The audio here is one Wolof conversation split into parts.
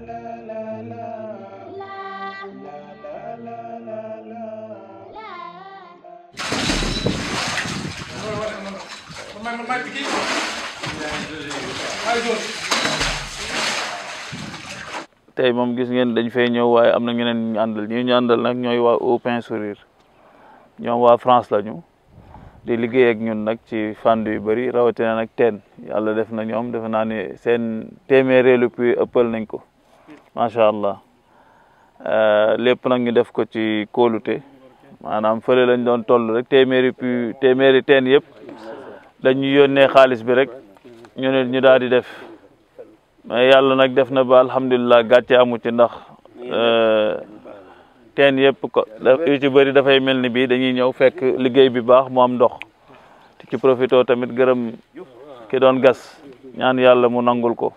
tey moom gis ngeen dañ fay ñëw waaye am na ñeneen ñu àndal ñi ñu àndal nag ñooy waa Au Pain Sourire ñoom waa France lañu di liggéey ak ñun nag ci fànn yu bëri rawatina nag teen yàlla def na ñoom defe naa ne seen téeméeréelu puits ëppal nañ ko. macha allah euh, lépp nag ñu def ko ci kóolute maanaam fële lañ doon toll rek téeméeri pu téeméeri teen yëpp dañu yónnee xaalis bi rek ñu ne daal di def mais yàlla nag def na ba alhamdulilah gàcce amu ci ndax euh, teen yëpp ko yu ci bëri dafay mel ni bii dañuy ñëw fekk liggéey bi baax mu am ndox ci profito tamit gërëm ki doon gas ñaan yàlla mu nangul ko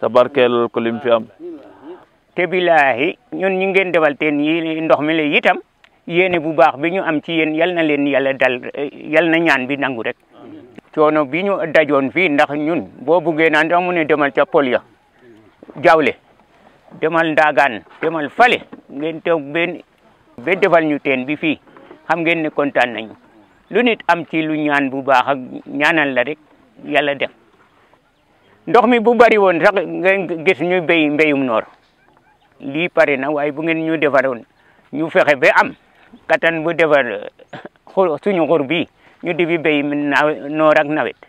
te barkeelal ko lim fi am ñu ngeen defal teen yi ndox mi la itam bu baax bi ñu am ci yéen yal na leen yàlla dal yal na ñaan bi nangu rek coono bi ñu dajoon fii ndax ñun boo buggee naan da mu demal ca pol ya jawle demal ndaagaan demal fale ngeen toog benn defal ñu teen bi fii xam ngeen ne kontaan nañu lu nit am ci lu ñaan bu baax ak ñaanal la rek yàlla def ndox mi bu bari woon sax ngeen gis ñu béy mbéyum noor lii pare na waaye bu ngeen ñu defaroon ñu fexe ba am kattan bu defar eh, xur suñu xur bii ñu di bi béy noor ak nawet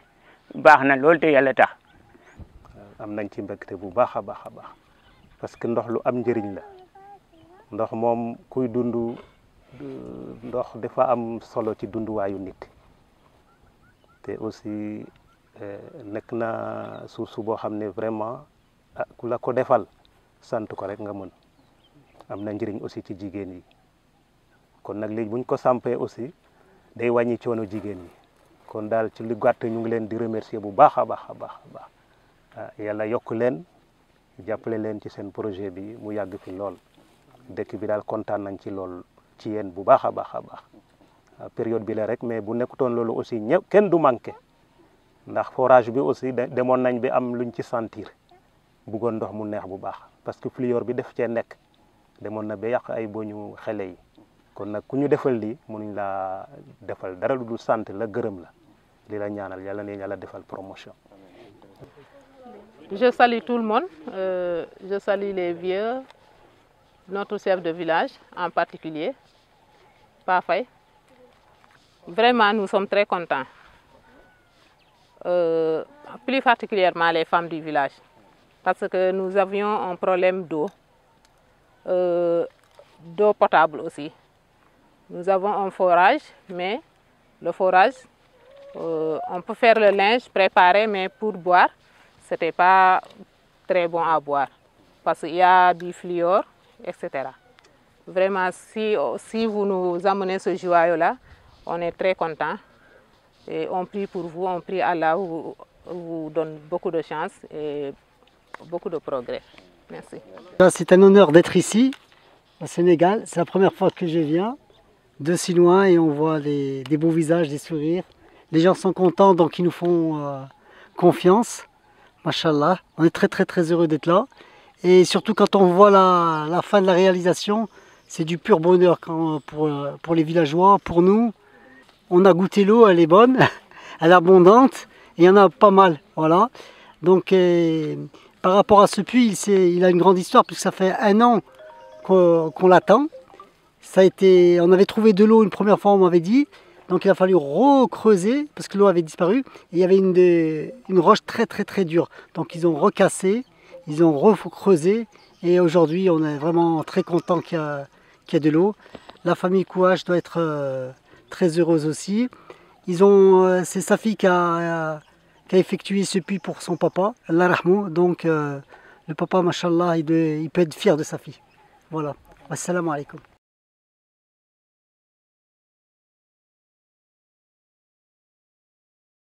baax na lool te yàlla tax. am nañ ci mbégte bu baax a baax a baax parce que ndox lu am njëriñ la ndox moom kuy dundu ndox dafa am solo ci dunduwaayu nit te aussi. Eh, nek na suuf su boo xam ne vraiment ah, la ko defal sant ko rek nga mën am na njëriñ aussi ci jigéen yi kon nag léegi buñ ko sampee aussi day wàññi coono jigéen yi kon daal ci li gàtt ñu ngi leen di remercier bu baax a baax a baax a baax ah, leen jàppale leen ci seen projet bi mu yàgg fi lool dëkk bi daal kontaan nañ ci lool ci yéen bu baax a baax a baax ah, période bi la rek mais bu nekkutoon loolu aussi du manqué ndax forage bi aussi demone nañ bi am luñ ci sentir bu buggoon ndox mu neex bu baax parce que fleur bi def ci nek demone na be yak ay boñu xale yi kon nak kuñu defal li mënuñ la defal dara lu sante la gërëm la li la ñaanal yalla ne yalla defal promotion. Je salue tout le monde, euh, je salue les vieux, notre chef de village en particulier, fay Vraiment, nous sommes très contents. Euh, plus particulièrement les femmes du village, parce que nous avions un problème d'eau, euh, d'eau potable aussi. Nous avons un forage, mais le forage, euh, on peut faire le linge préparé, mais pour boire, ce n'était pas très bon à boire, parce qu'il y a du fluor, etc. Vraiment, si, si vous nous amenez ce joyau-là, on est très content et on prie pour vous, on prie Allah, vous, vous donne beaucoup de chance et beaucoup de progrès. Merci. C'est un honneur d'être ici, au Sénégal. C'est la première fois que je viens, de si loin, et on voit des, beaux visages, des sourires. Les gens sont contents, donc ils nous font euh, confiance. Machallah, on est très très très heureux d'être là. Et surtout quand on voit la, fin de la réalisation, c'est du pur bonheur euh, pour les villageois, pour nous on a goûté l'eau, elle est bonne, elle est abondante, et il y en a pas mal, voilà. Donc euh, par rapport à ce puits, il, a une grande histoire, puisque ça fait un an qu'on l'attend. Ça a été, on avait trouvé de l'eau une première fois, on m'avait dit, donc il a fallu recreuser, parce que l'eau avait disparu, il y avait une, roche très très très dure. Donc ils ont recassé, ils ont recreusé, et aujourd'hui on est vraiment très content qu'il y, ait de l'eau. La famille Couage doit être... Euh, très heureuse aussi. Ils ont, euh, c'est sa fille euh, qui a, effectué ce puits pour son papa, Allah Donc euh, le papa, mashallah, il, il peut être fier de sa fille. Voilà. Assalamu alaikum.